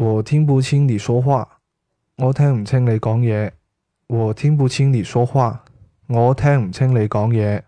我聽不清你說話，我聽唔清你講嘢，我聽不清你說話，我聽唔清你講嘢。